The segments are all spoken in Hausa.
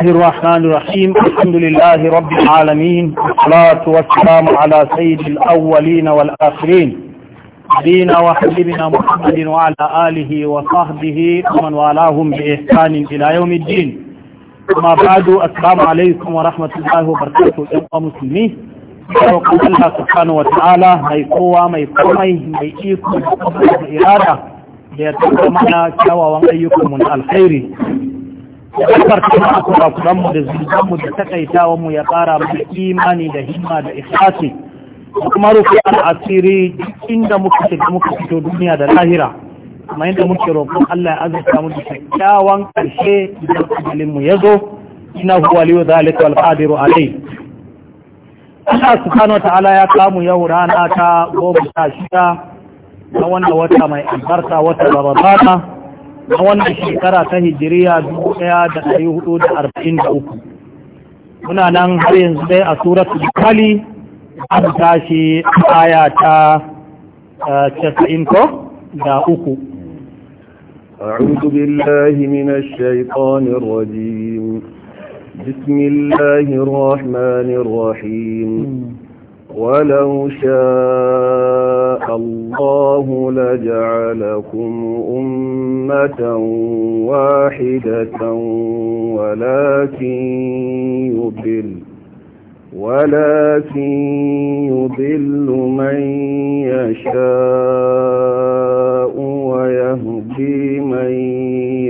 الله الرحمن الرحيم الحمد لله رب العالمين والصلاة والسلام على سيد الأولين والآخرين نبينا وحبيبنا محمد وعلى آله وصحبه ومن والاهم بإحسان إلى يوم الدين ما بعد السلام عليكم ورحمة الله وبركاته يا مسلمين sauƙin Allah سبحانه وتعالى ta'ala mai kowa mai komai mai iko da irada da ya taɓa mana gafarta mana kurakuranmu da zunubanmu da mu ya kara mana imani da himma da ikhlasi da rufi rufe al'asiri inda muka shiga muka fito duniya da lahira kuma inda muke roƙon Allah ya azurta mu da kyakkyawan ƙarshe idan ajalinmu ya zo ina huwa liyu zalika wal qadiru alai Allah subhanahu ta'ala ya kamu yau rana ta goma sha shida na wannan wata mai albarka wata ramadana na wannan shekara ta hijiriya uku. muna nan har yanzu dai a suratul kali an tashi aya ta 90 eh, ko da uku أعوذ بالله من الشيطان الرجيم بسم الله الرحمن الرحيم ولو شاء الله لجعلكم أمة واحدة ولكن يضل ولكن يضل من يشاء ويهدي من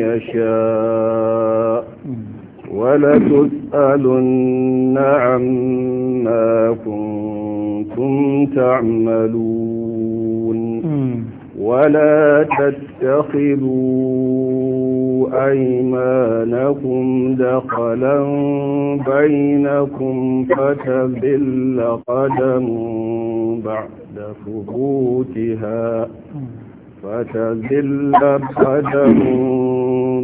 يشاء ولتسألن عما كنتم تعملون ولا تتخذوا أيمانكم دخلا بينكم فتبل قدم بعد ثبوتها فتذل قدم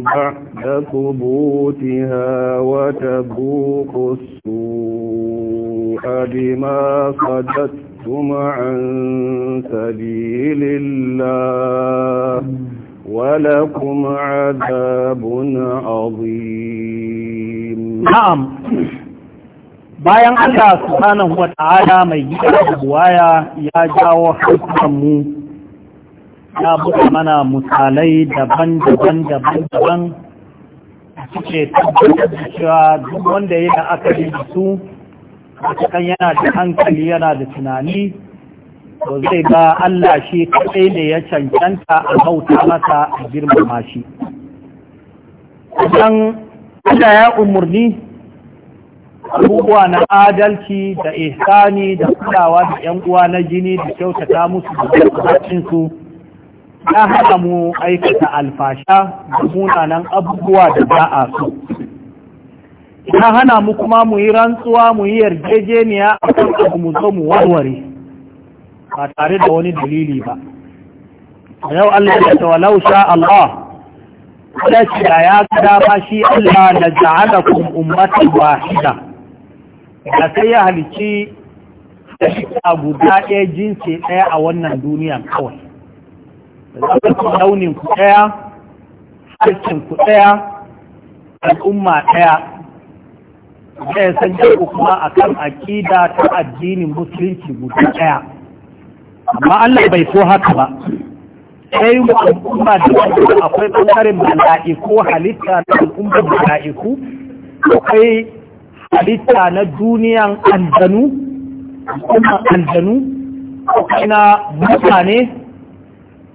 بعد ثبوتها وتبوق السوء بما صددتم عن سبيل الله ولكم عذاب عظيم نعم bayan Allah subhanahu wa ta'ala mai yi da buwaya ya jawo ya buɗe mana misalai daban-daban daban-daban suke tabbatar da cewa duk wanda ya la'akari da su kan yana da hankali yana da tunani ba zai ba Allah shi kaɗai da ya cancanta a bauta masa a girmama shi. Idan Allah ya umarni abubuwa na adalci da ihsani da kulawa da ‘yan uwa na jini da kyautata musu da su ya hana mu aikata alfasha da munanan abubuwa da za a so ya hana mu kuma mu yi rantsuwa mu yi yarjejeniya a kan abu mu zo mu warware ba tare da wani dalili ba yau Allah ya ta walau sha Allah ya ce da ya kada ba shi Allah na ja'ala kun ummatan wahida da sai ya halici da shi guda ɗaya jinsi ɗaya a wannan duniyan kawai launin ku ɗaya harshen ku ɗaya al'umma ɗaya zai san ku kuma a kan aƙida ta addinin musulunci guda ɗaya amma Allah bai so haka ba sai mu al'umma da wanda akwai ɓangaren mala'iku halitta na al'ummar mala'iku akwai halitta na duniyan aljanu al'ummar aljanu akwai na mutane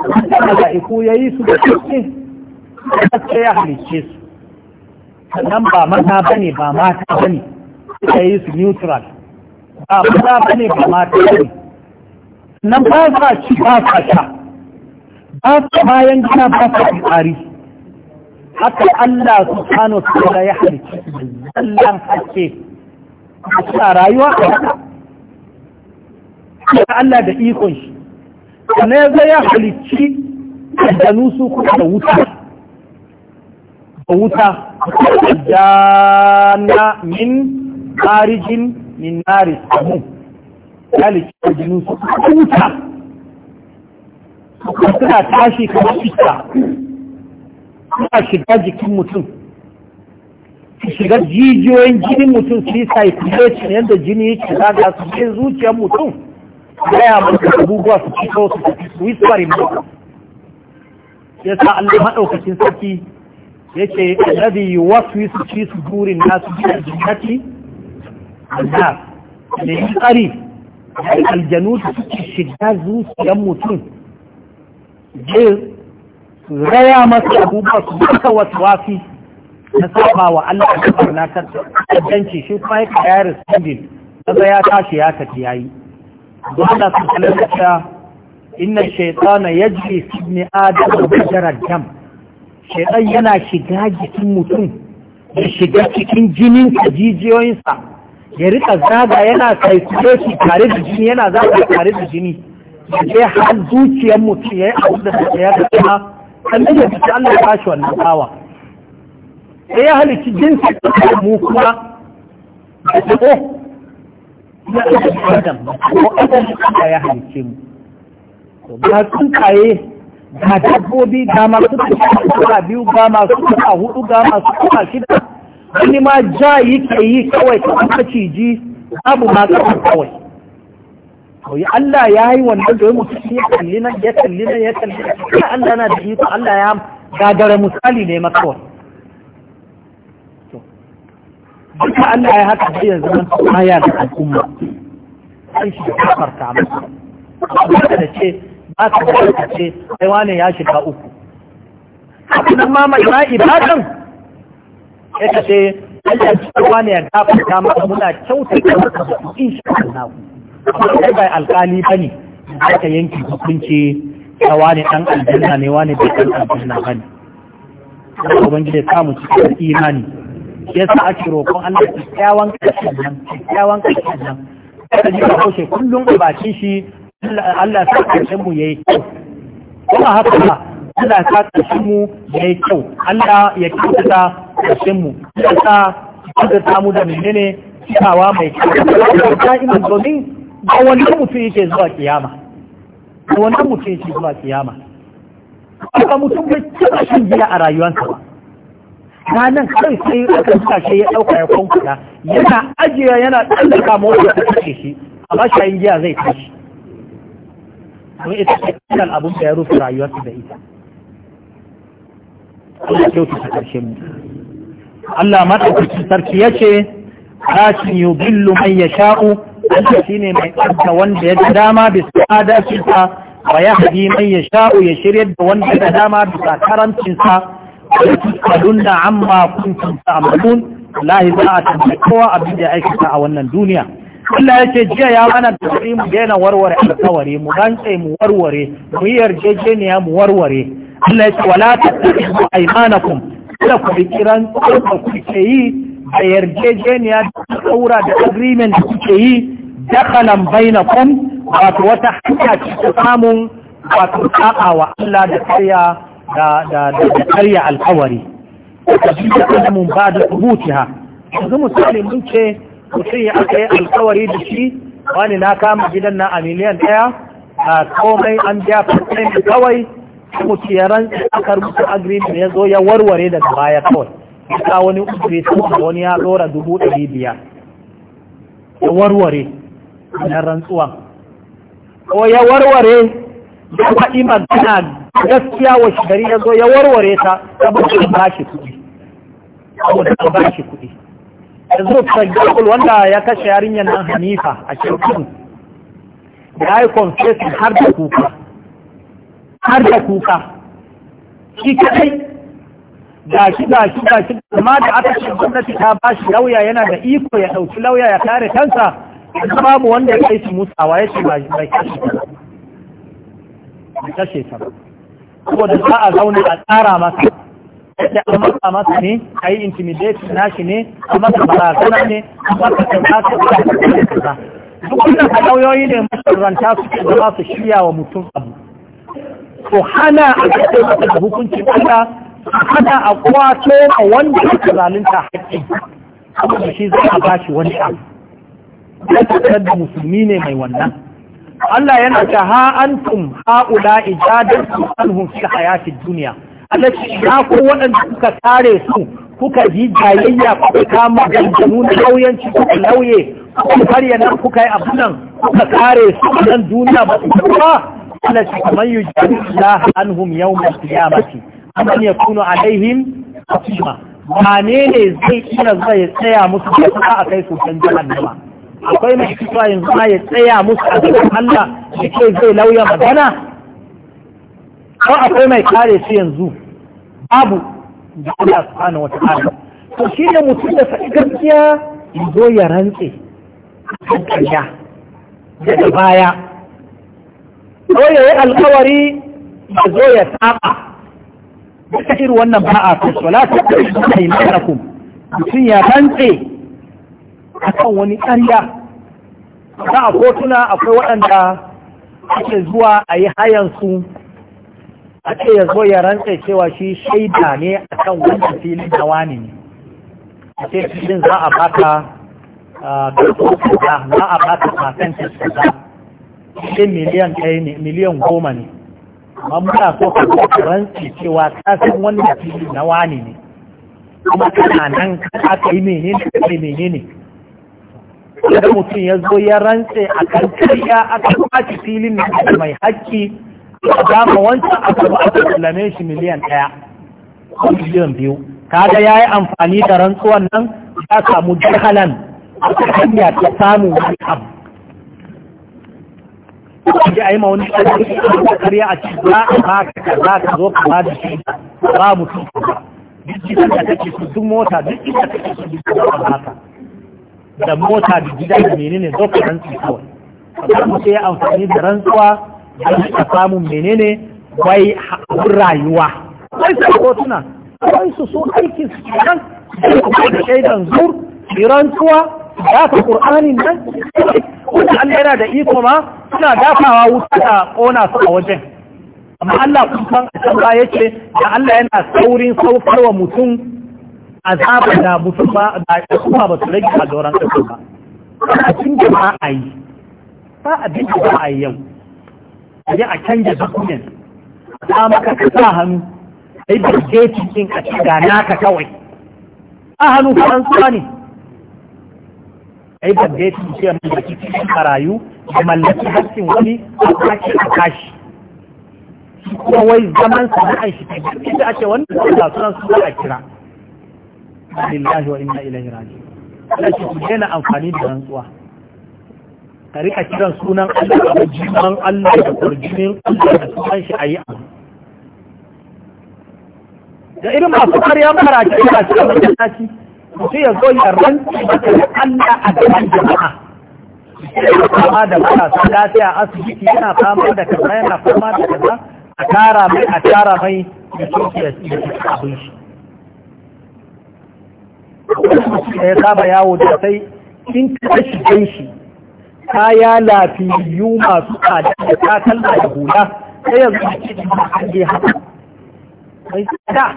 wanda mala'iku ya yi su da ya halicce su sannan ba ba ne ba mata ba ne ya ba ba ne ba mata ba ne nan sha ba sa bayan gina ba sa tsari haka Allah ya halicce su da zallan hake. a rayuwa a haka Allah da ikon shi ne zai ya halicci da su kuma da wuta da wuta min harijin min nari samu halicci da su da wuta suna tashi kuma fita suna shiga jikin mutum shiga jijiyoyin jinin mutum su yi saifin yadda jini yake zaga su kai zuciyar mutum gaya maka abubuwa su ci kawo su tafi su yi tsari maka ya sa Allah maɗaukacin sarki ya ce su ci su sudurin nasu bi aljannati annas da yi tsari da aljanu da suke shiga zuciyar mutum je raya masa abubuwa su duka wasu wafi na saba wa Allah da barnatar da shi kuma ya kayar sandin kaza ya tashi ya tafi yayi wanda su kalmata inna shaitana yajri fi ibn adam bajara dam shaitan yana shiga jikin mutum ya shiga cikin jinin sa jijiyoyinsa ya rika zaga yana shi tare da jini yana zaga tare da jini ya je har zuciyar mutum ya yi abu da ta ya ga kuma kan da ta Allah ya bashi wannan kawa sai ya halici jinsi mu kuma ya ɗauki adam ko ya halice mu ga tsuntsaye ga dabbobi ga masu tafiya biyu ga masu tafiya hudu ga masu tafiya shida wani ma ja yake yi kawai ta maciji abu ma kawai kawai to Allah ya yi wannan da mutum ya kalli nan ya kalli nan ya kalli nan Allah na da iko Allah ya gagara misali ne makawai duka Allah ya haka zai zaman aya da al'umma sai shi da kafarta Masu ba da ce ba ka da ka ce sai wane ya shiga uku haka nan ma mai ma ibadan sai ka ce Allah shi wane ya gafarta masa muna kyautata masa su in shi Allah ba bai alƙali bane aka yanki hukunci ta wane ɗan aljanna ne wane bai ɗan aljanna bane ubangiji ya samu cikin imani ya sa ake roƙon Allah kyakkyawan ƙarshen nan kyakkyawan ƙarshen nan kada ji ka haushe kullum a bakin shi Allah sa ƙarshen mu yayi kyau kuma haka ba Allah sa ƙarshen mu yayi kyau Allah ya kyautata ƙarshen mu ya sa kyautata mu da menene kyawawa mai kyau ta ina domin ba wani mutum yake zuwa kiyama ba wani mutum yake zuwa kiyama haka mutum bai taɓa shan giya a rayuwarsa ba ranar kai sai aka sashe ya ɗauka ya kunkuda yana ajiya yana tsallaka mota ta kashe shi a shayin giya zai tashi kuma ita ce kan abin da ya rufe su da ita Allah kyautu ta karshe mu Allah ma maɗaukaki sarki ya ce rashin yubillu man ya sha'u Allah shi ne mai tsarka wanda ya dama bisa adalcinsa wa ya haɗi man ya sha'u ya shirya da wanda ya dama bisa karancinsa da amma kuntum ta'malun wallahi za a tambaye kowa abin da ya aikata a wannan duniya Allah ya ce jiya ya mana tafi mu daina warware alkawari mu rantse mu warware mu yi yarjejeniya mu warware Allah ya ce wala mu aymanakum kada ku bi kiran ku kuke yi da yarjejeniya da tsaura da agreement da kuke yi dakalan bainakum wato wata hanya ce ta samun wato sa'a Allah da tsaya da da da karya alkawari da alamun ba da ha yanzu misali mun ce mutum ya aka yi alkawari da shi wani na kama gidan na a miliyan ɗaya a komai an biya fasayin kawai mutum ya rantsa aka rubuta agreement ya zo ya warware daga baya kawai ya wani ujiri da wani ya ɗora dubu ɗari biyar ya warware na rantsuwan ko ya warware ya iman tana gaskiya wa shigari ya zo ya warware ta ta ba shi kuɗi saboda ba shi kuɗi yanzu wanda ya kashe yarinyar nan hanifa a cikin ya yi confession har da kuka har da kuka shi kadai da shi da shi da shi amma da aka ce gwamnati ta ba shi lauya yana da iko ya ɗauki lauya ya kare kansa babu wanda ya kai shi musawa ya ce ba shi ba da kashe ta saboda za a zauna a tsara masa da an matsa masa ne a yi intimidation nashi ne a masa barazana ne a masa da ba su da kaza duk wannan hanyoyi ne ranta su ke zama su shirya wa mutum abu to hana a kashe masa da hukuncin Allah hana a kwato a wanda aka zalunta haƙƙi saboda shi za a bashi wani abu ya tattar da musulmi ne mai wannan Allah yana ta ha antum haula ijadatu anhum fi hayatid duniya. Allah ce ya ko waɗanda kuka kare su kuka ji jayayya kuka kama ganganu na lauyanci kuka lauye kuka karya nan kuka yi abu nan kuka kare su nan duniya ba su ba Allah ce kamar yujadu Allah anhum yawmal qiyamati amma ya kunu alaihim asima wane ne zai iya zai tsaya musu da a kai su can jahannama akwai mai fitowa yanzu ma ya tsaya musu a cikin Allah ya zai lauya magana ko akwai mai kare su yanzu babu da Allah subhanahu wata'ala to shi ne mutum da faɗi gaskiya ya zo ya rantse kan daga baya ko ya yi alkawari ya zo ya saba da kashin wannan ba a kusa la ta kai mutum ya rantse akan wani ƙarya za a kotuna akwai waɗanda ake zuwa a yi hayansu a ce ya zo ya rantsa cewa shi shaida ne a kan wanda filin da wani ne a ce filin za a baka karko za a baka percentage kaza shi miliyan ɗaya ne miliyan goma ne amma muna so ka zo ka cewa kasan san filin na wani ne kuma kana nan kan aka yi menene kai menene da mutum ya zo ya rantse a kan karya aka kwaci filin na mai haƙƙi a dama wancan abu a aka sallame shi miliyan ɗaya ko miliyan biyu kaga ya yi amfani da rantsuwan nan ya samu jihalan a hanya ta samu wani abu ji a yi a wani karya a cikin za a ba ka za ka zo ka ba da shi ba mutum ba duk jikin da kake su duk mota duk da kake su duk da ba ka da mota da gida da menene zofa rantsi kawai kamar mu sai amfani da rantsuwa don ka samu menene wai rayuwa wai sai hotuna wai su so aikin su ku kuma da shaidan zur rantsuwa ta ƙur'anin nan wanda Allah yana da iko ma suna dafawa wuta ta ƙona su a wajen amma Allah kun san a can ba yace da Allah yana saurin saukar wa mutum azabar da mutum ba da kuma ba su rage a doron ƙasa ba abin da ba a yi ba a bin ba a yi yau a yi a canja dokumen a maka ka sa hannu a yi ke ɗin a ci ga naka kawai a hannu faransuwa ne a yi ke ce a mallaki cikin karayu da mallaki hakkin wani a kashi a kashi kuma wai zaman na shi ta gaske da ake wani da sunan su a kira lillahi wa inna ilaihi raji'un Allah shi ku daina amfani da rantsuwa ka rika kiran sunan Allah da jiman Allah da kurjinin Allah da sunan shi a yi abu da irin masu karya mara ce a cikin masallaci mutum ya zo ya rantsi da Allah a gaban jama'a kama da marasa lafiya asibiti yana fama da kaza yana fama da kaza a tara mai a tara mai da kyau ya abin shi da ya saba yawo da sai in ta shige shi kaya lafiyayyu masu tsada da kalla da hula sai yanzu a cikin haka mai tsada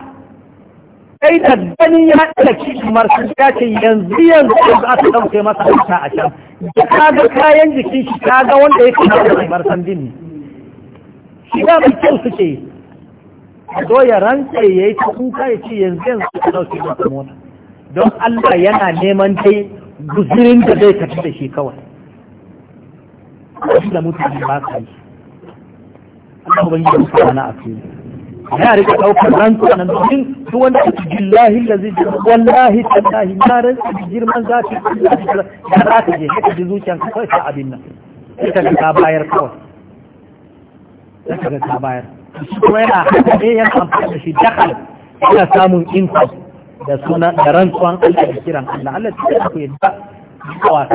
kai da gani ya haɗa cikin marsu ya ce yanzu yanzu za su ɗauke masa wuta a can da ka ga kayan jikin shi ka ga wanda ya kama da mai marsan din shi da mai kyau suke zo ya rantse ya yi ta kuka ya ce yanzu yanzu su ɗauke masa mota don Allah yana neman dai guzirin da zai tafi da shi kawai wasu da mutane ba ka yi Allah ban yi da mutane na afi ya rika ɗaukar rantsuwa nan domin su wanda su jillahi da zai jira wallahi tallahi na rantsa da girman zafi da za ka je ka ji zuciyan ka kawai ta abin nan ita ka ta bayar kawai ita ka ta bayar kuma yana haɗe yana amfani da shi dakal yana samun income da sunan da rantsuwan Allah da kiran Allah Allah ce da ku yadda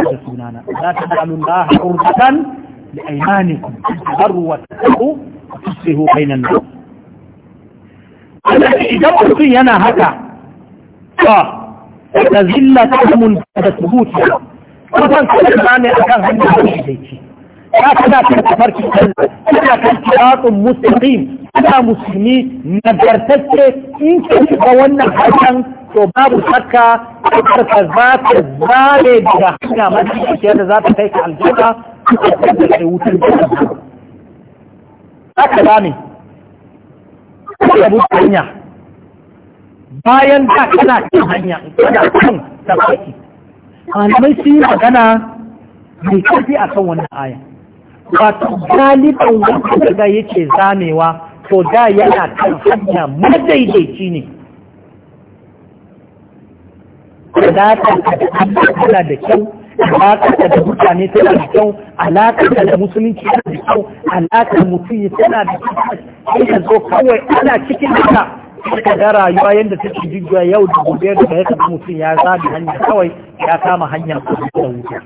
da sunana la ta'alun la hurtan li aymanikum tabarru wa taqu tusbihu bainan nas Allah idan mutum yana haka ba da zillatu mun da thubuti kuma kan kana ne akan hanyar da yake ka kana kan tafarki kana kan kiratun musulmi nagartacce in ka wannan to babu shakka ka za ta zare daga hanya madadin da za ta kai ka aljanna da kai wutar da haka da ne ya buɗe hanya bayan da kana kan hanya da kan tafarki malamai sun yi magana mai karfi akan wannan aya wato galiban wanda ga yake zamewa to da yana kan hanya madaidaici ne alaƙarka da Allah tana da kyau alaƙarka da mutane tana da kyau alaƙa da musulunci tana da kyau da mutum tana da kyau sai zo kawai ana cikin haka suka ga rayuwa yadda take jujjuya yau da gobe da ya kama mutum ya zabi hanya kawai ya kama hanyar da wuta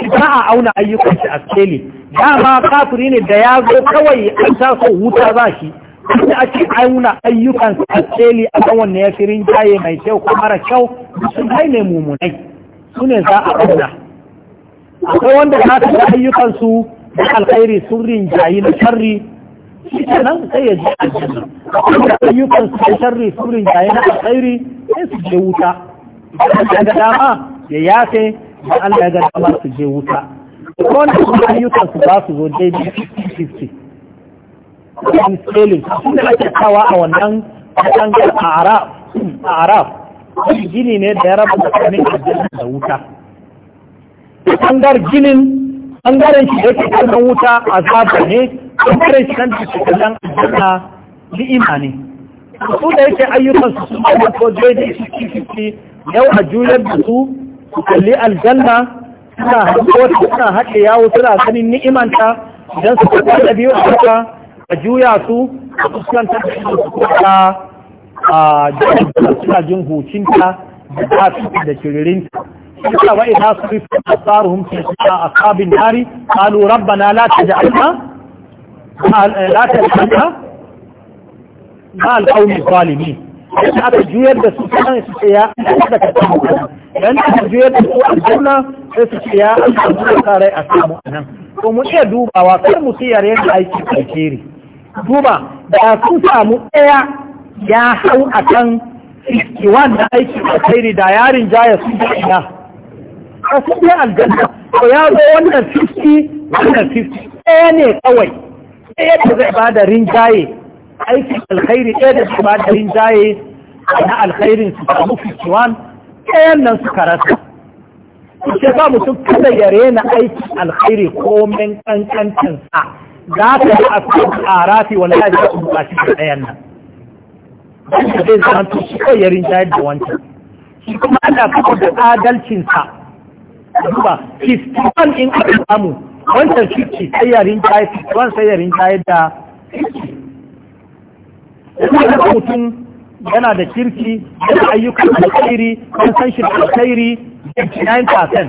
ba a auna ayyukan shi a skeli dama kafiri ne da ya zo kawai an taso wuta za shi a cikin auna ayyukan a skeli a kan wanne ya fi rinjaye mai kyau ko mara kyau sun kai ne mummunai su ne za a auna akwai wanda za su ga ayyukansu na alkhairi sun rinjayi na sharri shi nan sai ya A aljanna ayyukan ayyukansu na sharri sun rinjayi na alkhairi sai su je wuta daga dama ya yafe da Allah ya ga dama su je wuta ko wanda kuma ayyukan su ba su zo daidai 50-50 in scaling sun da ake kawa a wannan katangar a araf gini ne da ya raba a jirgin da wuta katangar ginin ɓangaren shi yake kallon wuta a zaba ne ɓangaren shi kanta ke kallon aljanna ni'ima ne su da yake ayyukan su sun zama ko daidai 50-50 yau a juyar da su ku kalli aljanna suna haƙo suna haƙe yawo suna ganin ni'imanta idan su karɓi da biyu a haka a juya su a fuskantar da su kuka a suna jin hucinta da zafi da kiririnta suna wa ina su rufe a tsaruhun ke suna a kabin nari kalu rabbana la ta ji alma la ta ji alma na alƙaunin zalimi aka juyar da su sanar su ya da ka samu dan da je da su aljanna sai su ce ya Allah mu ka rai a samu nan to mu iya dubawa kar mu yare da aiki alheri duba da sun samu ɗaya ya hau akan 61 da aiki alheri da yarin jaya sun ga ina a sun yi aljanna to ya zo wannan 50 wannan 50 ɗaya ne kawai ɗaya da zai ba da rinjaye aikin alkhairi ɗaya da zai ba da rinjaye na alkhairin su samu 51 ɗayan nan suka rasa ce ba mutum kada ya rena aiki alkhairi komen kankancin sa za ka yi akwai ƙarafi wani ya ji shi da ɗayan nan wanda zai zanto shi ko ya rinjayar da wancan shi kuma ana kafa da adalcinsa duba 51 in aka samu wancan 50 sai ya rinjayar 51 sai ya rinjayar da 50 mutum yana da kirki yana ayyukan alkhairi kan san shi da alkhairi 99%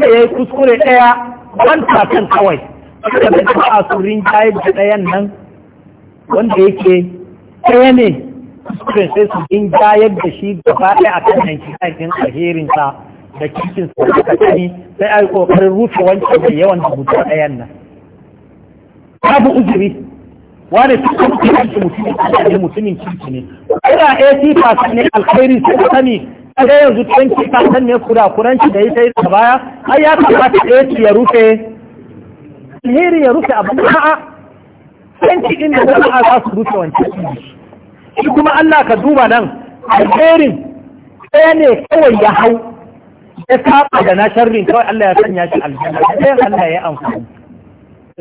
da ya yi kuskure ɗaya 1% kawai da da jama'a sun rinjaye da ɗayan nan wanda yake ɗaya ne kuskure sai su rinjayar da shi gaba ɗaya a kan ɗin alherinsa da kirkin su da kani sai a yi ƙoƙarin rufe wancan da yawan da ɗayan nan babu uzuri wani cikin kirki mutumin kirki mutumin kirki ne ina fasa ne alkhairi sai sani kaga yanzu 20% ne kura kuranci da ita ita baya ai ya kamata AT ya rufe alheri ya rufe abu a'a 20 din da jama'a za su rufe wancan shi kuma Allah ka duba nan alherin ɗaya ne kawai ya hau ya saba da na sharrin kawai Allah ya sanya shi aljanna ɗayan Allah ya yi amfani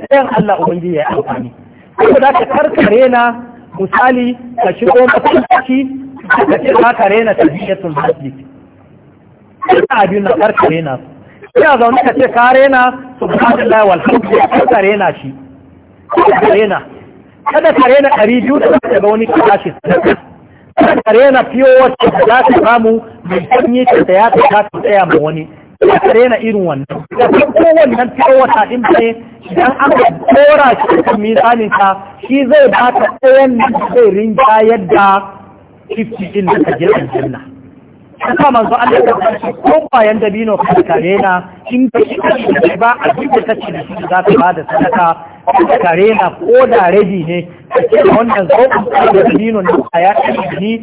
ɗayan Allah ubangiji ya yi amfani ko da ka karkare na misali ka shigo masallaci ka ce za ka rena tahiyatul masjid ina abin na karkare na ina zaune ka ce ka rena subhanallahi walhamdulillah ka na shi ka na kada ka rena ɗari biyu da daga wani kashi kada ka rena fiyo wacce da za ka samu mai sanyi ta ya ta tsaya ma wani ya kare na irin wannan da farko wannan tarwata din bane idan aka dora shi kan misalin ka shi zai ba ka nan zai rinja yadda 50 din da ka je aljanna ta sa manzo Allah ya shi. ko bayan dabino ka kare na in ka shi ba a duk da kace da shi za ka da sadaka kare na ko da rabi ne ka ce wannan zaɓin da dabino na a ya ɗan ni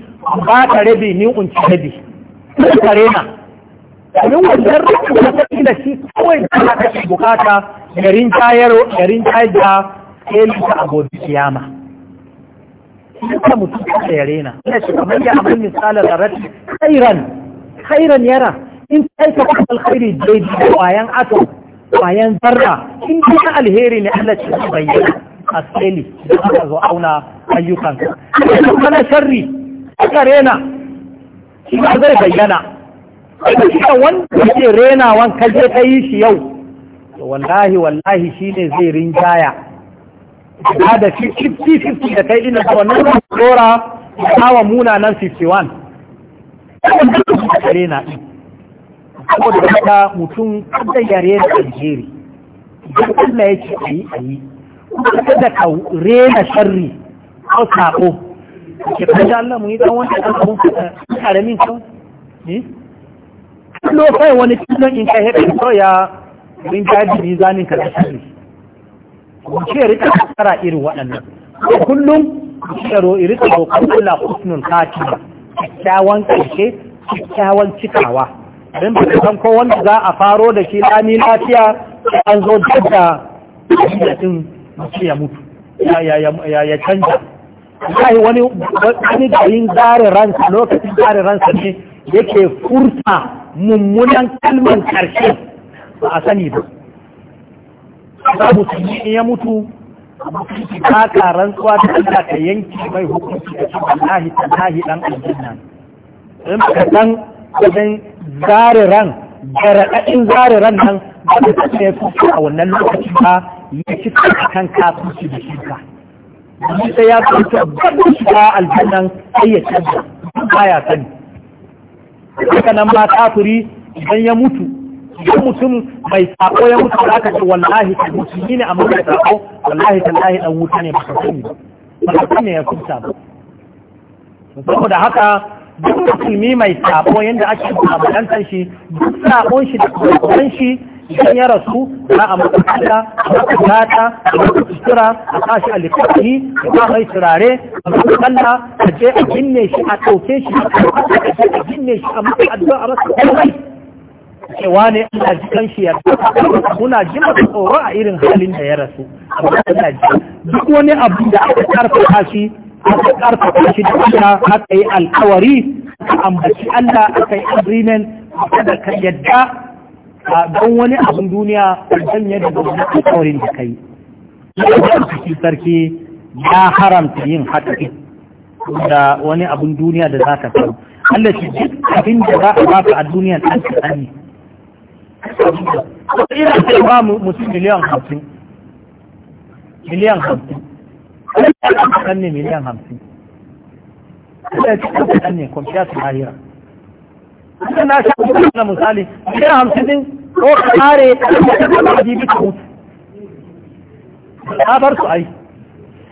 ba ka rabi ni unci rabi kare na domin wannan rikin wata da shi kawai da ana kashe bukata garin tayar garin tayar da kelisa a gobe kiyama ita mutum ta yare na ina shi kamar ya amal misalar zarati khairan khairan yara in aika kuma alkhairi daidai kwayan atom kwayan zarra in kuma alheri ne Allah ce bayyana a tseli da aka zo auna ayyukansa. Kana sharri, aka Karena shi ba zai bayyana. kuma wanda yake renawan kaje ka yi shi yau wallahi wallahi shi ne zai rinjaya ba da 50-50 da kai ina da wannan tsora hawa munanan 51 rena ɗin saboda wata mutum kada ya rena Aljeri, idan Allah ya ce a yi a yi kada ka rena sharri ko sako ke kaji Allah mu yi ɗan wanda ɗan abun karamin kawai eh? kallo kai wani cikin in kai haka so ya rin jaji mizanin ka shi ku ce rika tsara irin waɗannan kullum ku ce ro rika ko kula husnul khatima kyakkyawan karshe kyakkyawan cikawa dan ba san ko wanda za a faro da shi ni lafiya an zo da da din ce ya mutu ya canja kai wani wani yin zare ransa lokacin zare ransa ne yake furta mummunan kalmar karshe ba a sani ba mu sanyi in ya mutu mutunci ba ka rantsuwa da Allah ka yanki mai hukunci da shi wallahi tallahi dan aljanna in ka dan wajen zare ran garaɗaɗin zare ran nan ba ka tafiya ya fuka a wannan lokacin ba ya ci kan kafinci da shirka domin sai ya fito ka shiga aljannan sai ya ba baya sani haka nan ba kafiri idan ya mutu idan mutum mai sako ya mutu da aka ce wallahi ta musulmi ne a mai sako wallahi tallahi dan wuta ne ba ka sani ba ka ya kusa ba saboda haka duk musulmi mai sako yadda ake mu'amalantar shi duk sakon shi da kuma shi idan ya rasu za a masa a masa gata a masa sutura a sashi a littafi a ba mai turare a masa sallah a je a binne shi a ɗauke shi a binne shi a masa addu'a a masa komai cewa ne Allah jikan shi ya muna ji masa tsoro a irin halin da ya rasu A Allah ji duk wani abu da aka karfafa shi aka karfafa shi da Allah aka yi alkawari aka ambaci Allah aka yi agreement kada ka yadda a don wani abin duniya janye da wani alkawarin da kai yadda sarki ya haramta yin haka da wani abin duniya da za ka samu Allah shi duk abin da za a baka a duniya an kaɗan ne ina sai ba mutum miliyan hamsin miliyan hamsin ɗan kan ne miliyan hamsin Allah shi ɗan kaɗan ne kwamfiyar su lahira. Ina na shi na misali, miliyan hamsin ko ka kare ka mutu bar su ai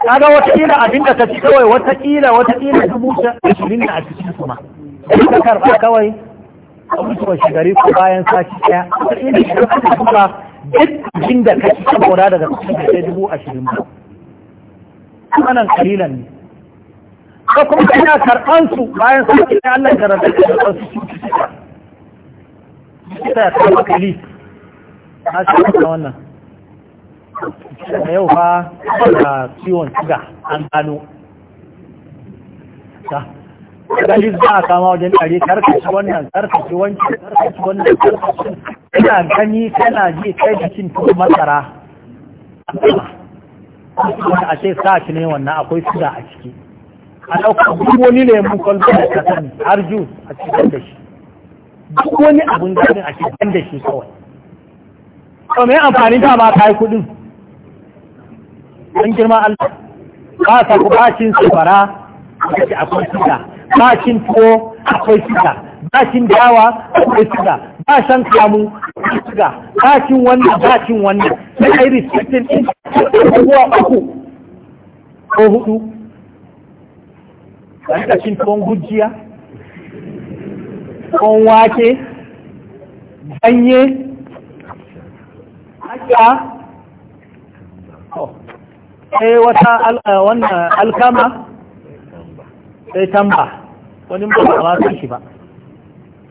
kaga watakila abin da ka ci kawai wata watakila dubu ashirin da a cikin kuma ka karɓa kawai a mutuwar shigari ko bayan sati ɗaya watakila shigari ka kuma duk jin da ka ci saboda daga cikin da dubu ashirin ba wannan kalilan ne ko kuma kana karɓan su bayan sati ɗaya Allah ya rarrabe da su cututtuka kita ya kama kali na shi kuma wannan yau fa da ciwon suga an gano ta galis za a kama wajen ɗari karkashi wannan karkashi wancan karkashi wannan karkashi ina gani tana ji kai jikin tuku masara wanda a ce sa shi ne wannan akwai suga a ciki a ɗaukar duk wani lemun kwalba da ka sani har ju a cikin da shi duk wani abun daɗin a cikin da shi kawai to mai amfani da ta yi kuɗin don girma Allah ba sa ku bashin a kace akwai shiga. ba bashin tuwo akwai shiga. ba bashin dawa akwai shiga. ba bashan kamu ba cin wannan ba cin wannan sai a yi rikicin din ko uku ko hudu an cikin tuwon gujiya kon wake ganye haka sai wata eh, wannan alkama sai tamba wani mutum ba su shi ba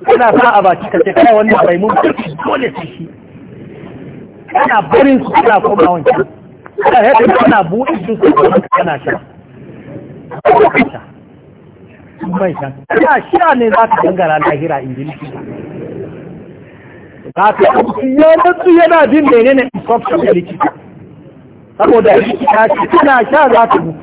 kana sa a baki ka ce kai wannan bai mun dole sai shi kana barin su kana koma wancan kana yadda kana buɗe su kana sha mai shan? ya shiya ne za ka gangara lahira in ba? za ka ya natsu yana bin da yanayin instruction da likita saboda likita ce tana sha za ta mutu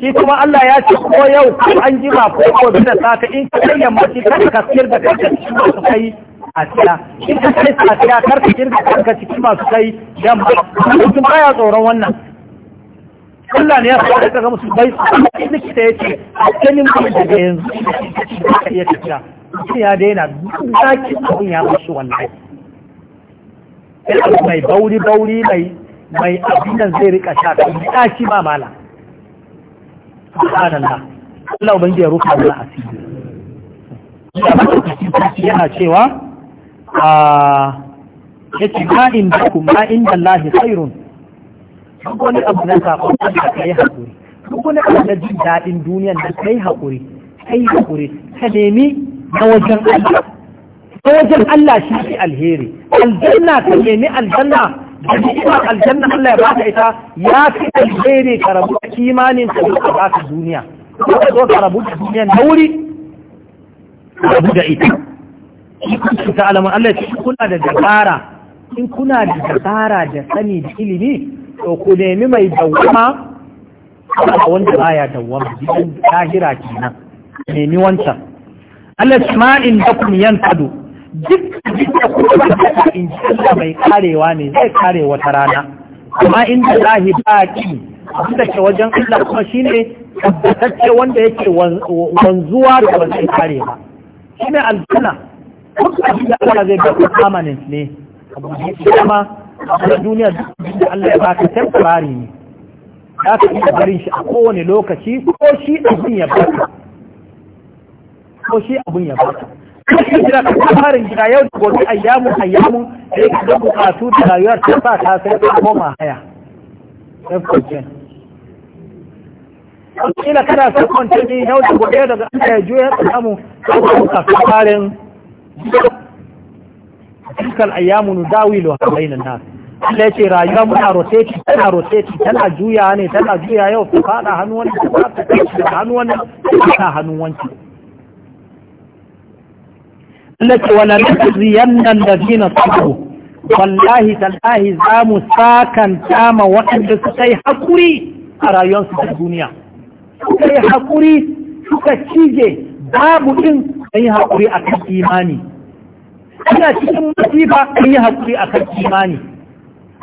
shi kuma Allah ya ce ko yau ko an jima ko ko da sata in ka kai yamma shi kar ka sir da kanka cikin masu kai asiya in ka kai safiya kar ka sir da kanka cikin masu kai yamma mutum baya tsoron wannan Allah ne ya sa da kaga musu bai likita ya ce a ganin kuma daga yanzu ka iya tafiya mutum ya daina zaki abin ya mashi wannan mai bauri bauri mai mai abin zai rika sha kan daki ba mala subhanallah Allah ubangiji ya rufa mana asiri yana cewa a ah, yace ma inda kuma inda lahi khairun duk wani abu na sakon Allah kai haƙuri duk wani abu na jin daɗin duniyan nan kai haƙuri kai haƙuri ka nemi na wajen Allah na wajen Allah shi ke alheri aljanna ka nemi aljanna da ni'imar aljanna Allah ya baka ita ya fi alheri ka rabu da kimanin ka duka baka duniya ko ka zo ka rabu da duniya na wuri rabu da ita kun ta alamun Allah ce kuna da dabara in kuna da dabara da sani da ilimi to ku nemi mai dawwama a wanda baya dawwama gidan lahira kenan nemi wancan Allah sama'in da kuma kadu. duk da kuma da in Allah mai karewa ne zai kare wata rana amma inda lahi baki abinda ke wajen Allah kuma shine tabbatacce wanda yake wanzuwa da ba zai kare ba shine aljanna duk abinda Allah zai ga permanent ne abu ne kuma a duniya da Allah ya baka temporary ne za ka iya barin shi a kowane lokaci ko shi abin ya baka ko shi abin ya baka kashin jira ka tsarin gida yau da gobe ayyamun ayyamun da ya kada bukatu da rayuwar ta sa ta sai ta koma haya kila kada su kwanta ne yau da gobe daga an ya juya ya samu ka tsarin تلك dawilo a بين nasu Allah ce rayuwa muna rotate tana tana juya ne tana juya yau ta fada hannu wani ta fada hannu wani ta fada hannu wani Allah ce wala nasiyanna alladhina sabaru wallahi tallahi za mu sakan tama waɗanda suka yi hakuri a rayuwarsu ta duniya suka yi hakuri suka cije babu din an yi hakuri akan imani ana cikin masifa an yi hakuri akan imani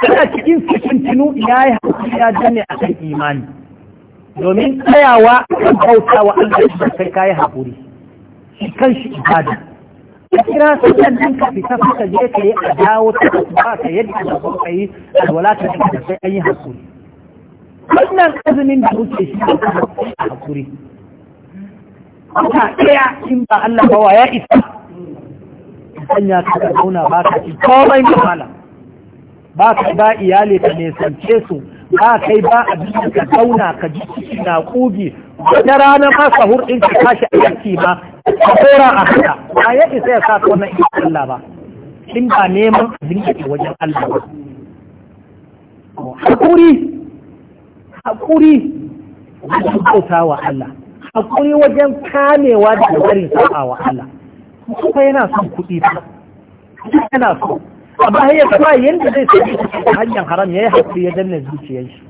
kana cikin fitintinu ya yi haƙuri ya danne a kan imani domin tsayawa kan bauta wa Allah shi sai ka yi haƙuri shi kan shi ibada Ka kira sallan din ka fita suka je ka yi a dawo ta ba ka yadda da ku kai yi alwala ta da sai an yi haƙuri wannan azumin da muke shi ne a haƙuri in ba Allah ba wa ya isa sanya ka zauna ba ka ci komai da malam ba ka ba iyali ka nesance su ba kai ba abin ka zauna ka ji ciki na kugi wata rana ma sahur in ka tashi a yanki ma ka tsora a haka ba ya isa ya sa wannan in Allah ba in ba neman abin da ke wajen Allah ba hakuri hakuri wajen bauta wa Allah hakuri wajen kamewa da barin sa'a wa Allah kuma yana son kuɗi ba yana son amma hanyar ba yadda zai sai ta hanyar haram ya yi haƙuri ya danna zuciyar shi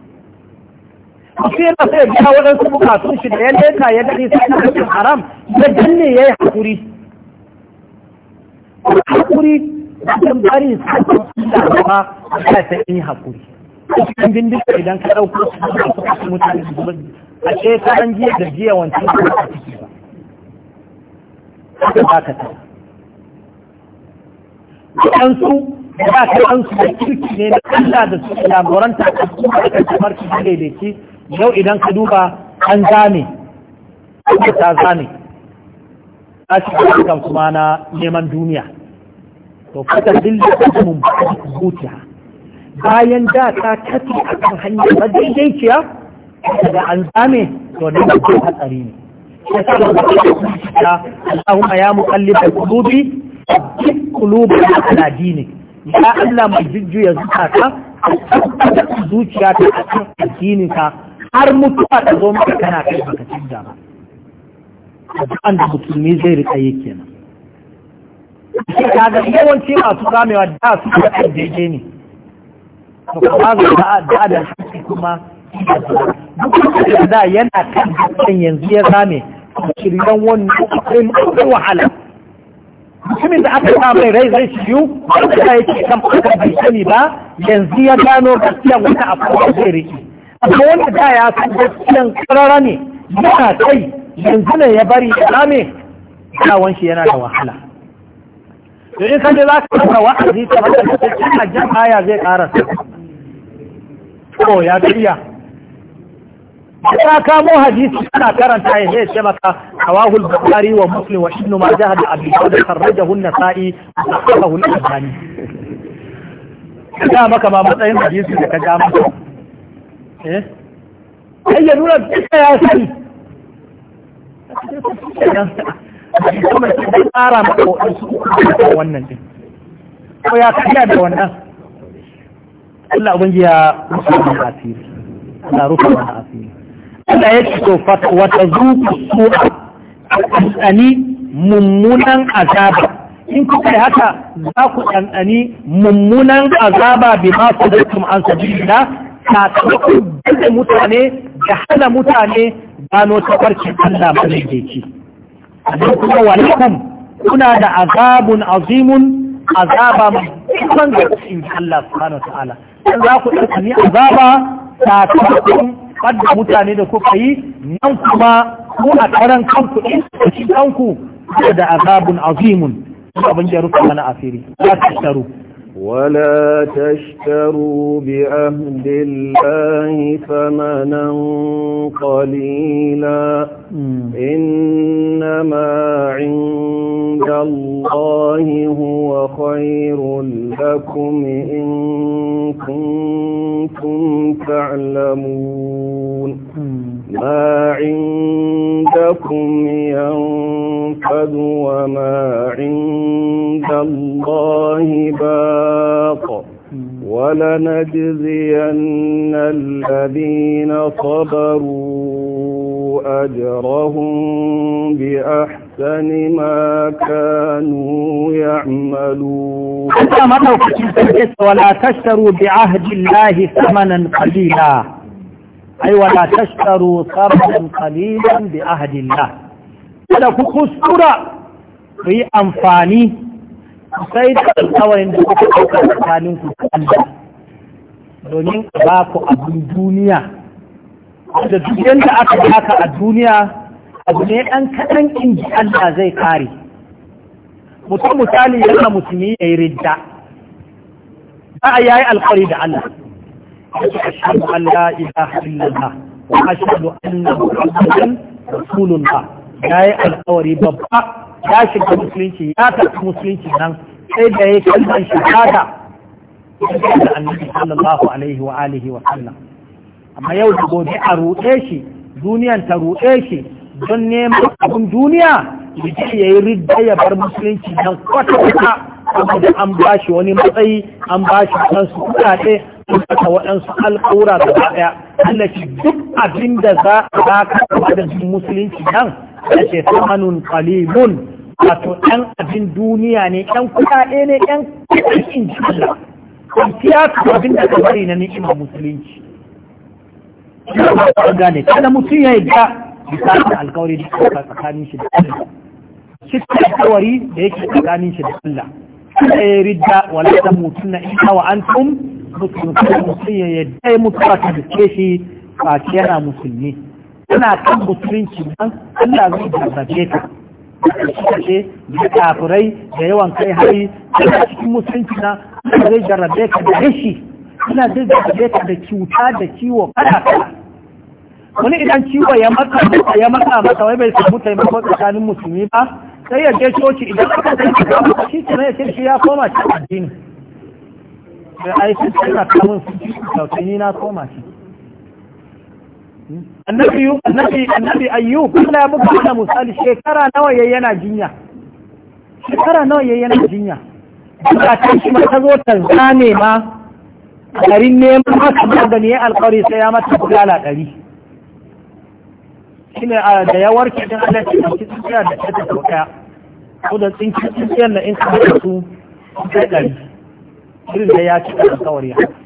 shi yana sai biya waɗansu bukatun shi da ya leka ya gani sai na hanyar haram ya danne ya yi haƙuri haƙuri kan bari sakon da ba ya ta yi haƙuri cikin bindiga idan ka ɗauko su da su mutane su zuba a ce ta an jiya da jiya wancan ba ta ciki ba. Haka ta waɗansu ba ka ɗansu da kirki ne na Allah da su jagoranta a kuma da kan kamar ki daidaici yau idan ka duba an zame kuma ta zame ta ci kan kuma na neman duniya to fata dilla ta mun zuciya bayan da ta kace a kan hanyar ba daidaiciya da an zame to da hatsari ne Allahumma ya muqallibal qulubi abin a ala dinik ya Allah mai jujjuya zukata zuciya ta akan addinin ka har mutuwa ta zo maka kana kai baka canza ba addu'an da mutum zai rika yake kenan shi ga yawanci masu kamewa da su da daidai ne to kuma ga da da shi kuma duk da da yana kan yanzu ya same shiryan wannan akwai wahala mutumin da aka sa mai rai zai ciyu wanda ya ce kan fuka bai sani ba yanzu ya gano gaskiyan wata abu da zai riki amma wanda da ya san gaskiyan karara ne yana kai yanzu ne ya bari ya rame kawon shi yana da wahala to in kaje za ka fara wa'azi ta wata da cikin jan aya zai karasa to ya tafiya ka kamo hadisi ana karanta ya zai ce maka hawahul bukari wa muslim wa ibnu majah da abi da kharrajahu hunna sa'i da sahahu al-albani Ya maka ma matsayin hadisi da ka ga maka eh ai ya nuna duka ya sani kuma sai tsara maka wannan din ko ya kanya da wannan Allah ubangiya musulmi asiri Allah rufe wani asiri Allah ya ce to wata zuku su'a ɗanɗani mummunan azaba in kuka yi haka za ku ɗanɗani mummunan azaba bi ma su da kuma an sabi da sakamakon da mutane da hana mutane gano tabarkin Allah madaidaici. Sannan kuma walakum kuna da azabun azimun azaba mai kusan da Allah subhanahu wa ta'ala. Dan za ku ɗanɗani azaba sakamakon da mutane da kuka yi nan kuma ku a karan kanku in cikin kanku da azabun azimun abin da rufe mana asiri za ta ولا تشتروا بعهد الله ثمنا قليلا إنما عند الله هو خير لكم إن كنتم تعلمون ما عندكم ينفد وما عند الله بار النفاق ولنجزين الذين صبروا أجرهم بأحسن ما كانوا يعملون ولا تشتروا بعهد الله ثمنا قليلا أي ولا تشتروا ثمنا قليلا بعهد الله ولا ku kuskura ku yi sai da alkawarin da kuka ɗauka tsakanin ku Allah domin ba ku abin duniya da duk yadda aka baka a duniya abu ne ɗan kaɗan inji Allah zai kare mutum misali yana musulmi ya yi ridda ba a yayi alkawari da Allah ashhadu an la ilaha illallah wa ashhadu anna muhammadan rasulullah yayi alkawari babba ya shiga musulunci ya tafi musulunci nan sai da ya kalmar shahada da annabi sallallahu alaihi wa alihi wa sallam amma yau da gobe a ruɗe shi duniyan ta ruɗe shi don neman abin duniya ce ya yi ridda ya bar musulunci nan kwata kwata saboda an ba shi wani matsayi an ba shi waɗansu kuɗaɗe an kasa waɗansu alƙawura da ɗaya Allah shi duk abin da za a ka da musulunci nan ya ce samanun wato ɗan abin duniya ne ɗan kuɗaɗe ne ɗan kuɗin in ji Allah kwanciya su abin da kabari na ni'ima musulunci ya gane kada mutum ya yi ga misalin alkawari da ya tsakanin shi da Allah cikin alkawari da yake tsakanin shi da Allah kada ya ridda wala mutum na ina wa antum mutum kada mutum ya yadda ya mutu a tabbace shi kwaciya yana musulmi yana kan musulunci nan Allah zai tabbace ka da kashe da kafirai da yawan kai hari da cikin musulunci na zai jarrabe ka da rashi ina zai jarrabe ka da cuta da ciwo kada kada wani idan ciwo ya maka ya maka maka wai bai samu taimako tsakanin musulmi ba sai ya je coci idan aka sai ka shi ke ya ce shi ya koma cikin addini da aikin suna kamun su sautin na koma shi annabi annabi annabi ayyub Allah ya buga mana misali shekara nawa yayi yana jinya shekara nawa yayi yana jinya ba ta shi ma ta zo ta zane ma garin neman haka da ya alƙawari sai ya mata bulala ɗari shine da ya warke din Allah ya ci tsiya da ta ta ɗaya ko da tsinki tsiyan na in ka su ɗari irin da ya ci alƙawari haka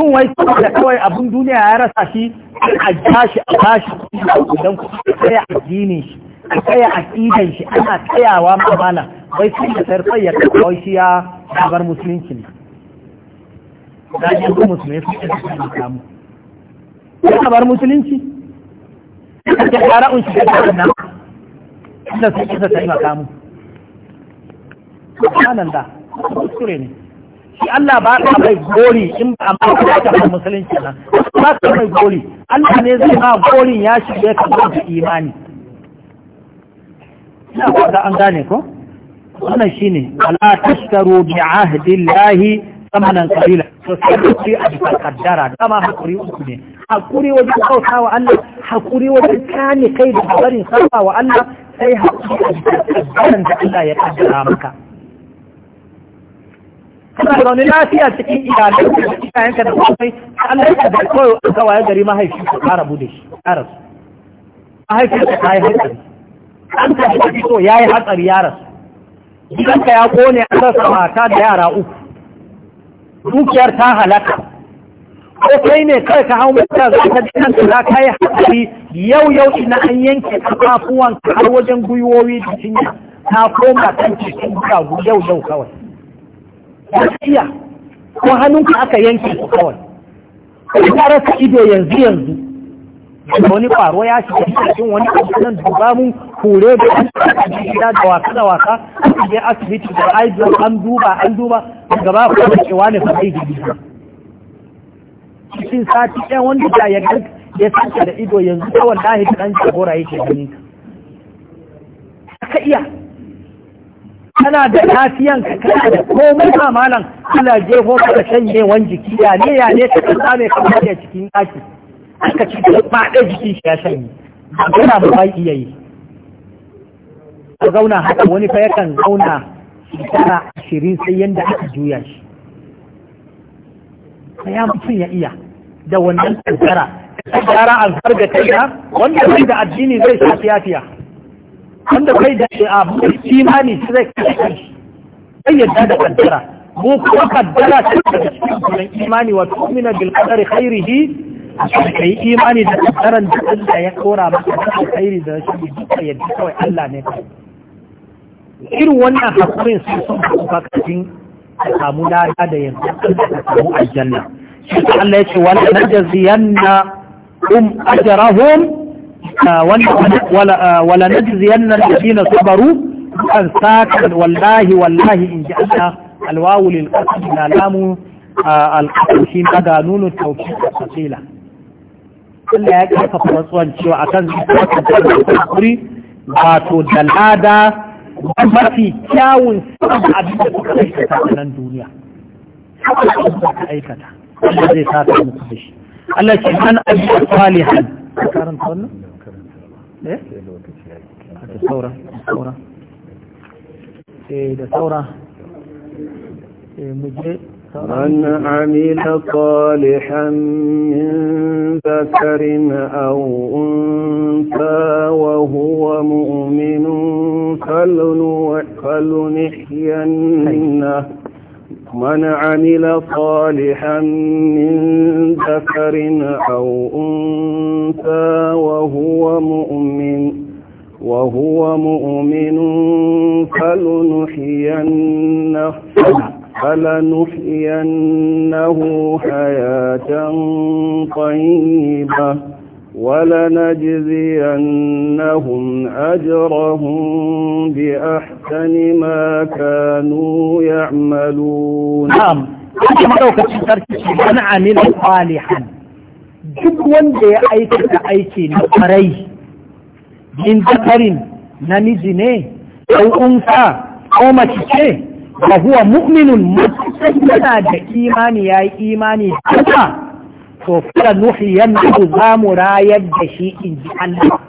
mutum wai da kawai abin duniya ya rasa shi a tashi a tashi idan ku tsaya a addinin shi a tsaya a aqidan shi ana tsayawa mamala wai sun da sayar ya da kawai shi ya bar musulunci ne da ji ku musulmi su da samu ya bar musulunci da ƙara'un shi su kuskure ne shi Allah ba ka mai gori in ba a mai ka ba musulunci nan ba ka mai gori Allah ne zai ma gorin ya shiga ka da imani ina fata an gane ko wannan shine ala tashtaru bi ahdi lahi, samanan qalila to sai a bisa kaddara dama hakuri uku ne hakuri wajen kauta wa Allah hakuri wajen kane kai da barin sarfa wa Allah sai hakuri a bisa kaddaran da Allah ya kaddara maka kana zaune lafiya cikin iyalai da iyayenka da kawai Allah ya da kawai a kawayen gari mahaifi ka kara bude shi kara su mahaifin ka ta yi hatsari an ta shi fito ya yi hatsari ya rasu gidanka ya kone an rasa mata da yara uku dukiyar ta halaka ko kai ne kai ka hau mata za ka ji nan za ka yi hatsari yau yau ina an yanke kafafuwan har wajen gwiwowi da cinya ta koma kan cikin guda yau yau kawai ba ka iya ko hannunka aka yanke ku kawai ko ka rasa ido yanzu yanzu da wani faro ya shiga cikin wani nan duba mu kure da an tsaka gida da waka da waka An je asibiti da aibuwa an duba an duba gaba ko wani cewa ne fa ai gidi cikin sati ɗaya wanda da ya ya tsaka da ido yanzu kawai lahi ɗan jagora yake ganin ka iya kana da lafiyan ka kana da komai ma malam kana jefo ka da shanyewan jiki ya ne ya ne ka kasa mai kamar da cikin ɗaki aka ci da faɗa jikin shi ya shanye magana ba ba iya yi a zauna haka wani fa yakan zauna shekara ashirin sai yadda aka juya shi ya mutum ya iya da wannan kankara kankara an farga ta wanda wanda addini zai shafi yafiya wanda kai da shi abu imani shi zai kashe yadda da kaddara mu kuma kaddara ta daga cikin kullun imani wa tu'mina bil qadari khairihi kai imani da kaddaran da Allah ya kora maka da khairi da shi duka yadda kawai Allah ne irin wannan hakurin su sun fuka kafin samu lada da yanzu a samu aljanna shi Allah ya ce wala najziyanna um ajrahum آه، ولا آه، نجزين الذين صبروا انساك والله والله ان جعلنا الواو للقسم لا لام آه، القسم في مدى نون التوكيد الثقيله كل هيك فرصوا ان شو عشان تذكري باتو دلادا ما في كاون سبب عديد تكريك تعالى الدنيا سبب عديد تكريك تعالى الذي ساتر مقبش الذي كان أجل صالحا ka karanta wannan? eh? da saura saura eh da saura eh mu je من عمل صالحا من ذكر أو أنثى وهو من عمل صالحا من ذكر أو أنثى وهو مؤمن وهو مؤمن فلنحيينه فلنحيينه حياة طيبة ولنجزينهم أجرهم بأحسن ما كانوا يعملون نعم أنت مدوكة تركي من عمل صالحا duk wanda ya aikata aiki na farai in zakarin namiji ne ko unsa ko mace ce ba huwa mu'minun yana da imani ya to fara nuhi yanzu za mu rayar da shi in ji Allah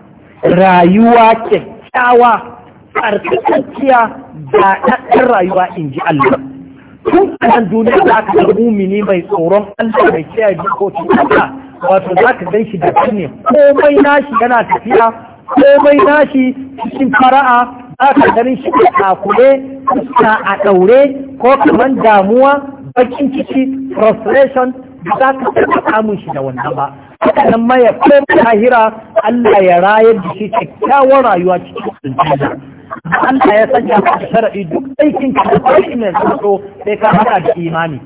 rayuwa kyakkyawa tsarkakakkiya da ɗaɗɗar rayuwa in ji Allah tun kanan duniya za ka ga mumini mai tsoron Allah mai kiyaye dokokin Allah wato za ka gan shi da ne komai nashi yana tafiya komai nashi cikin fara'a za ka ganin shi a kakule fuska a ɗaure ko kamar damuwa bakin ciki frustration ba za ka taɓa samun shi da wannan ba haka nan ma ya koma tahira Allah ya rayar da shi kyakkyawar rayuwa cikin aljanna Allah ya sanya ka shar'i duk aikin ka da shi mai tsaro sai ka hada da imani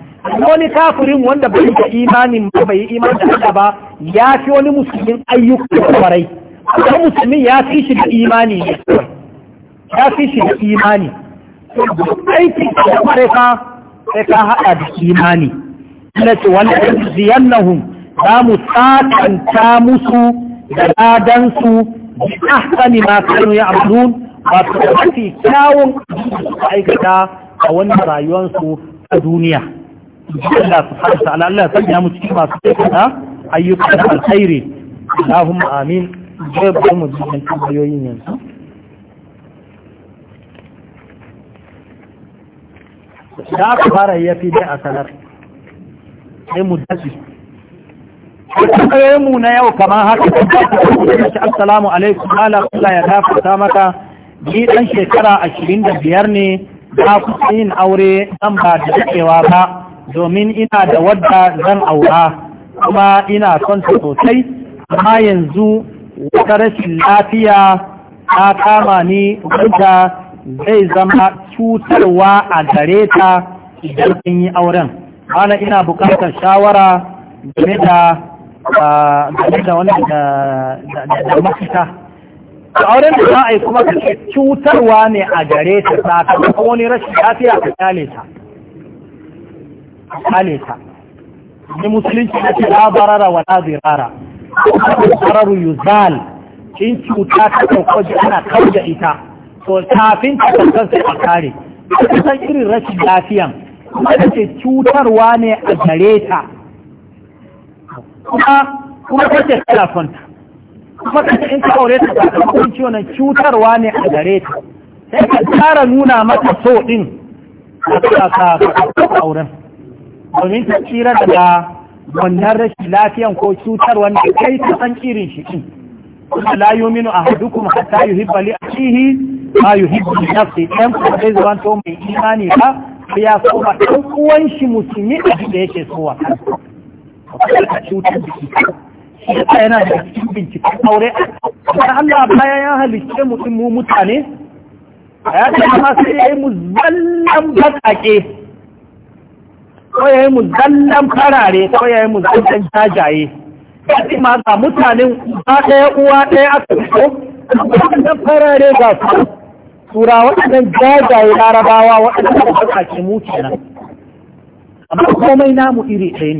wani kafirin wanda bai da imani ba bai yi imani da ba ya fi wani musulmin ayyukan kwarai wani musulmin ya fi shi da imani ne ya fi shi da imani aikin da kwarai ka sai ka hada da imani nace wani ziyan nahun za mu musu da ladansu da ahsani makarun ya abdun ba su kwafi kyawun da aikata a wani rayuwansu a duniya Allah da fahimta Allah su ya mutu da fara yafi dai a sanar sai mu dace mu na yau kamar haka assalamu alaikum ala Allah ya dafa maka ni dan shekara ashirin da biyar ne na kusa yin aure dan ba da dakewa ba domin ina da wadda zan aura kuma ina son ta sosai amma yanzu wata rashin lafiya ta kama ni wadda zai zama cutarwa a gare ta idan sun yi auren ana ina bukatar shawara game da mafita. da da auren da za a yi kuma kake cutarwa ne a gare ta sakamakon wani rashin lafiya kyale ta kyale ta ne musulunci na ce labarara barara wa la zirara zararu yuzal in cuta ta kaukoji ana da ita to tafin ta kankan sai a kare kusan irin rashin lafiyan kuma wanda ce cutarwa ne a gare ta kuma ta ce telefon kuma ta ce in ka aure ta ta kuma ciwon nan cutarwa ne a gare ta sai ka tsara nuna mata so din a ka auren domin ta tsira daga wannan rashin lafiyan ko cutarwa ne kai ta san irin shi din kuma la yuminu ahadukum hatta yuhibba li akhihi ma yuhibbu li nafsihi dan ko zai zama zanto mai imani ba ya so ba ɗan uwan shi musulmi abin da yake so wa kansa ka cutar da shi shi yana da cikin binciken aure kamar Allah bayan ya halicce mutum mu mutane ya ta ma sai ya yi mu zallan baƙaƙe ko ya yi mu zallan farare ko ya yi mu zallan jajaye ya ma ga mutanen ba ɗaya uwa ɗaya aka fito farare ga su tura waɗannan jajaye larabawa waɗannan ce mu kenan amma komai namu iri ɗaya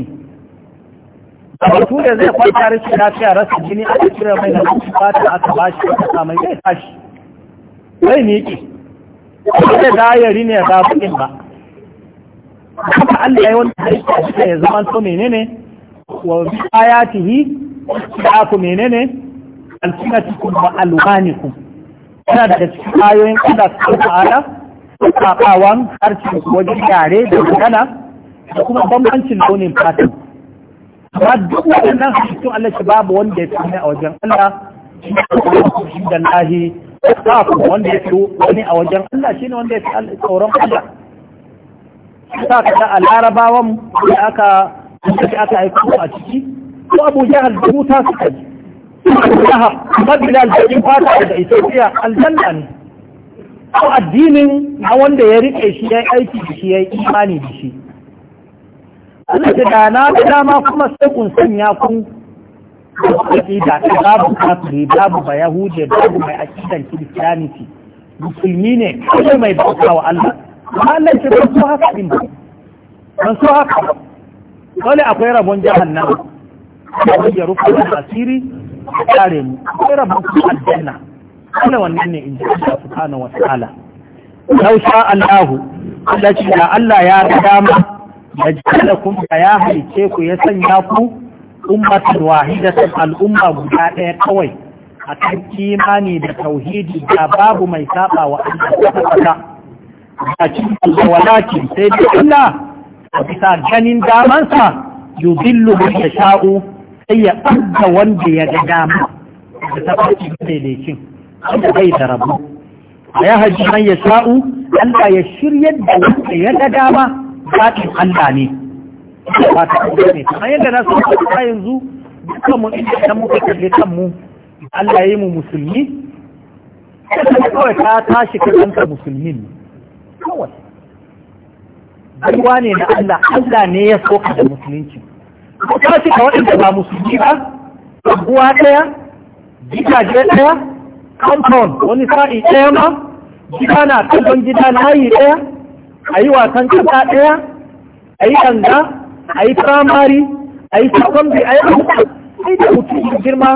ne a batu da zai kwanta rashin lafiya rasa jini a cikin mai da rashin fata aka bashi wata sa mai zai tashi zai miƙe da dayari ne ya bukin ba haka Allah ya wanda zai ya zama so menene wa ayatihi da aku menene alfinatikum wa alwanikum yana daga cikin ayoyin Allah subhanahu ta'ala sabawan harshen wajen yare da magana da kuma bambancin launin fatan amma duk waɗannan halittun Allah shi babu wanda ya fi a wajen Allah shi da lahi kafin wanda ya fi wani a wajen Allah shi ne wanda ya fi tsoron Allah sa ka a larabawan da aka aka aiko a ciki ko abu jahal dubu ta suka ji Lahab mabila aljahin fata da Ethiopia aljanna ne ko addinin na wanda ya rike shi ya aiki da shi ya yi imani da shi Allah ce da na da dama kuma sai kun sanya kun aƙida babu kafiri babu ba yahudi babu mai aƙidan kiristiyaniti musulmi ne kawai mai bauta wa Allah amma Allah ce ban so haka din ba ban so haka dole akwai rabon jahannama ya rufe asiri ya kare mu akwai rabon ku aljanna kana wannan ne in ji Allah subhanahu wa ta'ala law sha Allah Allah ce da Allah ya ga dama da da ya halice ku ya sanya ku ummatan wahidatan al'umma guda ɗaya kawai a kan kimani da tauhidi da babu mai saba wa Allah lakin Allah walakin sai da Allah a bisa ganin damansa yudillu man yasha'u sai ya ɓarga wanda ya ga dama da ta faɗi daidaikin wanda bai da rabu a ya haji man ya sha'u Allah ya shirya da wanda ya ga dama faɗin Allah ne ba ta kuma ne kamar yadda na sun ta yanzu dukkan mu inda ta muka kalle kanmu Allah ya yi mu musulmi kawai ta tashi ka kanta musulmin kawai Baiwa ne na Allah, Allah ne ya soka da musulunci. ta cika waɗanda ba musulmi ba abuwa ɗaya gidaje ɗaya compound wani sa'i ɗaya ma gida na kallon gida na ɗaya a yi wasan kasa ɗaya a yi ɗanga, a yi firamari a yi secondary a yi sai da mutum girma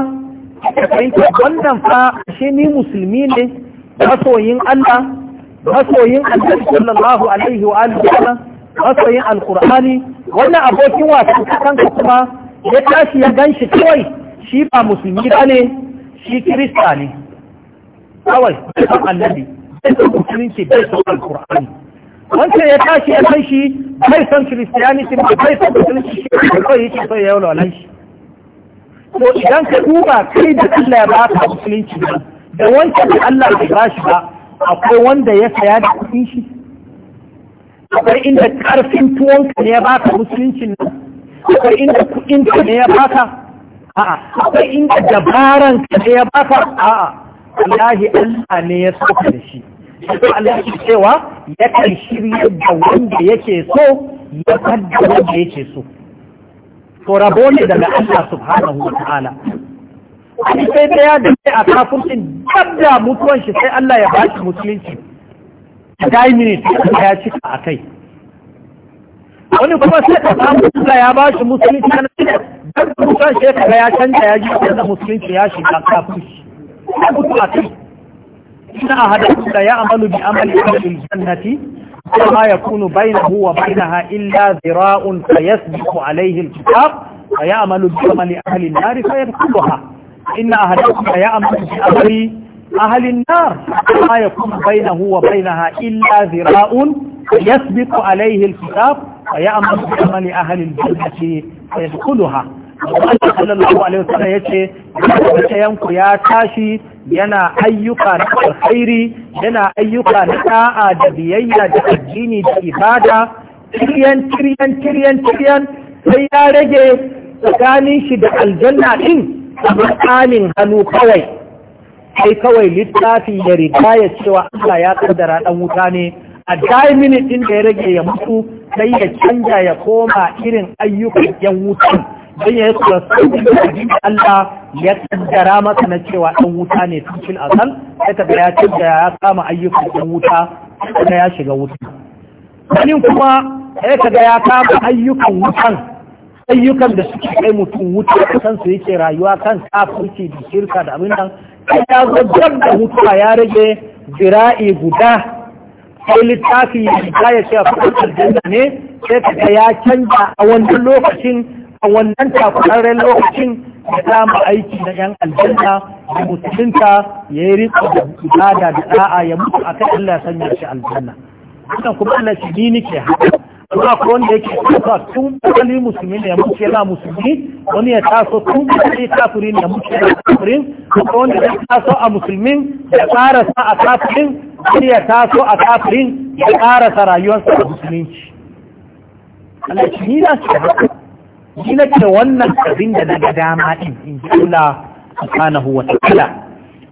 a fahimta wannan fa shi ni musulmi ne masoyin Allah masoyin Allah sallallahu alaihi wa alihi wa sallam masoyin alkur'ani wannan abokin wasan kanka kuma ya tashi ya gan shi kawai shi ba musulmi ba ne shi kirista ne kawai kan annabi bai san musulunci bai san alkur'ani wancan ya tashi ya gan shi bai san kiristiyaniti ba bai san musulunci shi kawai yake so ya yi shi to idan ka duba kai da Allah ya ba ka musulunci da wancan da Allah ya ba shi ba akwai wanda ya saya da kuɗin shi akwai inda karfin tuwonka ne ya baka musuluncin nan akwai inda kuɗinka ne ya baka a'a akwai inda dabaran ka ne ya baka a'a wallahi Allah ne ya saka da shi shi Allah ya cewa ya kan shirya da wanda yake so ya kadda wanda yake so to rabo ne daga Allah subhanahu wa ta'ala sai ta ya da a kafin din da mutuwan shi sai Allah ya ba shi musulunci a dai minute ya cika a kai wani kuma sai ka samu Allah ya ba shi musulunci na dan kusan shekara ya canza ya ji da musulunci ya shiga kafin shi mutu a kai ina hada da ya amalu bi amali ahlil jannati وما يكون بينه وبينها إلا ذراء فيسبق عليه الكتاب فيعمل بعمل أهل النار فيدخلها إن أهلكم يعمل بأمر ahalin nar ma yakun bainahu wa bainaha illa zira'un yasbiqu alayhi alkitab wa ya'malu bi amali ahli aljannati wa yadkhuluha Allah sallallahu alaihi wasallam yace kayan ku ya tashi yana ayyuka na alkhairi yana ayyuka na da'a da biyayya da addini da ibada tiryan tiryan tiryan tiryan sai ya rage tsakanin shi da aljanna din a hannu kawai kai kawai littafin ya riga ya cewa Allah ya kaddara dan wuta ne a daimini din da ya rage ya mutu sai ya canja ya koma irin ayyukan yan wutan don ya yi sai da Allah ya kaddara masa na cewa dan wuta ne tun fil asal sai ka ya canja ya kama ayyukan yan wuta sai ya shiga wuta wani kuma sai ka ga ya kama ayyukan wutan ayyukan da suke kai mutum wuta kasan su yake rayuwa kan kafirci da shirka da abin nan ya zo da mutuwa ya rage jira'i guda sai littafi ya ya ce a fukar aljanna ne sai kaga ya canza a wannan lokacin a wannan takwararren lokacin ya dama aiki na yan aljanna da musulunta ya yi riko da ibada da da'a ya mutu a kan Allah sanya shi aljanna. Wannan kuma Allah shi ni nike haka. kuma ko wanda yake kuka tun kali musulmi ne muke na musulmi wani ya taso tun kali kafiri ne muke na kafirin ko wanda ya taso a musulmin ya karasa a kafirin wani ya taso a kafirin ya karasa rayuwarsa a musulunci Allah shi ni na ce ni na ce wannan abin da na ga dama din in ji Allah subhanahu wa ta'ala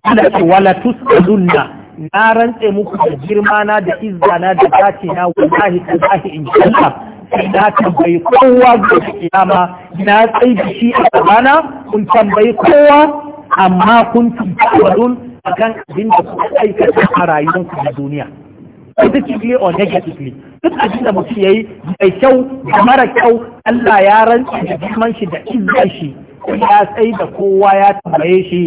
Allah ce wala tusqalunna na rantse muku da girma na da izza na da dace na wallahi tallahi in Allah na tambayi kowa ga kiyama na tsayi da shi a gabana kun tambayi kowa amma kun tuntuɓarun a kan abin da kuka aikata a rayuwarku na duniya positively or negatively duk abin da mutum ya yi mai kyau da mara kyau Allah ya rantsa da girman shi da izza shi ya sai da kowa ya tambaye shi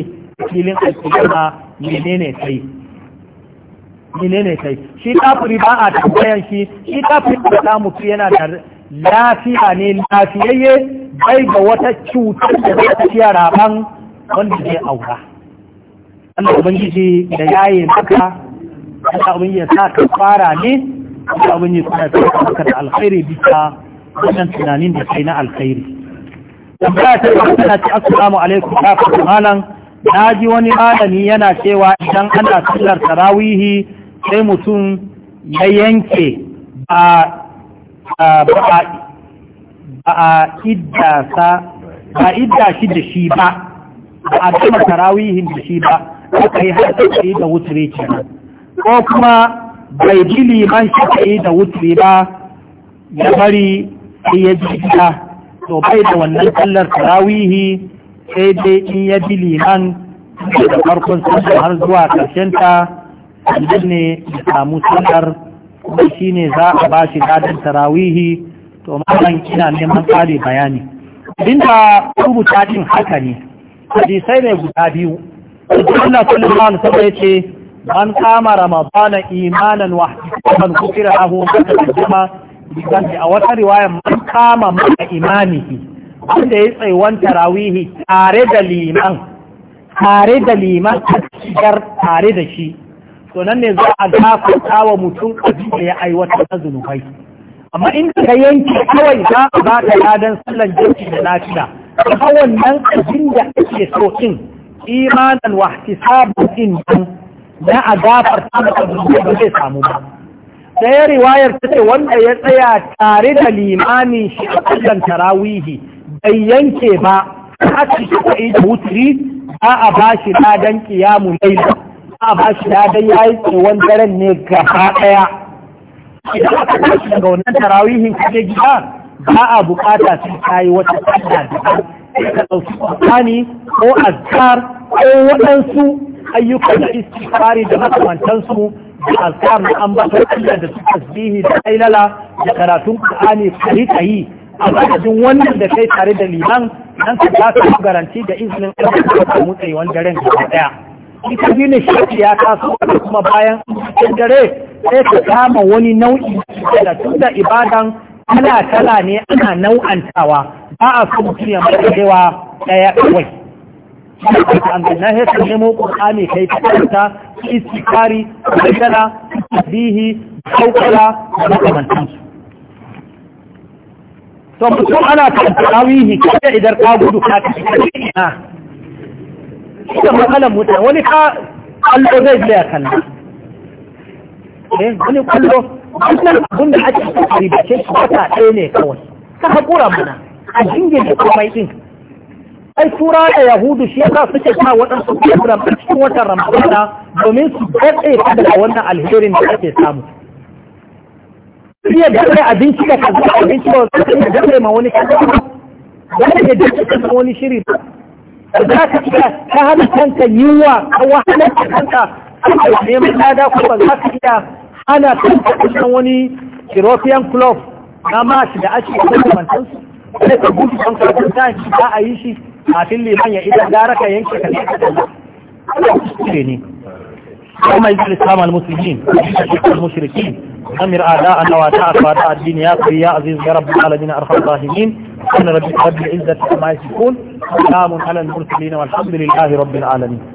filin alkiyama menene sai menene kai shi kafiri ba a tambayan shi shi kafiri da samu yana da lafiya ne lafiyayye bai ga wata cutar da za ta ciya raban wanda zai aura Allah ubangiji da yaye maka wanda ubangiji ya sa ka fara ne Allah ubangiji ya sa maka da alkhairi bisa wannan tunanin da kai na alkhairi tambaya ta na ce assalamu alaikum kafin malam na ji wani malami yana cewa idan ana sallar tarawihi sai mutum ya yanke ba a idda shi da shi ba ba a gama tarawihin da shi ba aka yi har yi da wuturi kenan ko kuma bai man liman ka yi da wuturi ba ya bari sai ya ji gida to bai da wannan tallar tarawihi sai dai in ya bi liman da farkon sun har zuwa ƙarshenta idan ne ya samu sallar kuma shi ne za a ba shi gadon tarawihi to ma'an ina neman kare bayani da rubuta cin haka ne hadisai ne guda biyu Allah sallallahu alaihi wasallam yace man kama ramadana imanan wa ihtisaban kufira lahu Idan bidan a wata riwaya man kama ma imani wanda ya tsaiwan tarawihi tare da liman tare da liman a cikin tare da shi to nan ne za a gafarta wa mutum abin da ya aiwata na zunubai amma in ka yanki kawai za a ba ta ladan sallan jinki da lafiya ta wannan abin da ake so in imanan wa ihtisabu din nan na a gafarta da zunubai ba zai samu ba sai riwayar ta ce wanda ya tsaya tare da limamin shi a sallan tarawihi bai yanke ba haka shi ta yi da wuturi za a ba shi ladan kiyamu laila a ba shi ya dai ya yi tsohon daren ne gaba ɗaya idan aka tashi daga wannan tarawihin kake gida ba a bukata sai ka yi wata sallah da ka ɗauki Qur'ani ko azkar ko waɗansu ayyukan da istikari da makamantansu da azkar na ambaton Allah da su tasbihi da ailala da karatun Qur'ani kai kai a madadin wannan da kai tare da liman nan ka ta garanti da izinin Allah ka mutsewan daren gaba ɗaya ita ji nishaɗi ya taso kuma bayan cikin dare sai ka kama wani nau'i da tun da ibadan kala-kala ne ana nau'antawa ba a so mutum ya mai cewa ɗaya kawai na hesa nemo ƙur'ani kai ta kanta istikari rajala tabihi saukala da makamantansu to mutum ana kan tawihi kai idan ka gudu ka ina ita matsalan mutane wani ka kallo zai biya kalla eh wani kallo wannan abin da ake kokari da shi wata ɗaya ne kawai ka haƙura mana a jingin da komai ai tura da yahudu shi yasa suke sa waɗansu program a cikin watan ramadana domin su daɗe da daga wannan alherin da ake samu Iya da abinci da kaza abinci ba wani da ma wani kaza ba da wani shiri ba za ka iya ta hana kanka yiwa a wahalar da kanka a neman lada ko ba za ka iya hana kanka kusan wani european club na mashi da ake da makamantansu sai ka gudu kan karfin ta shi ta a yi shi kafin liman ya idan gara ka yanke ka ne ka dalla ne kuma yi zai samun musulmin da shi mushrikin أمر أعداءنا وأتعف أعداء الدين يا أخي يا عزيز يا رب العالمين أرحم الراحمين أن رب العزة عما يصفون سلام على المرسلين والحمد لله رب العالمين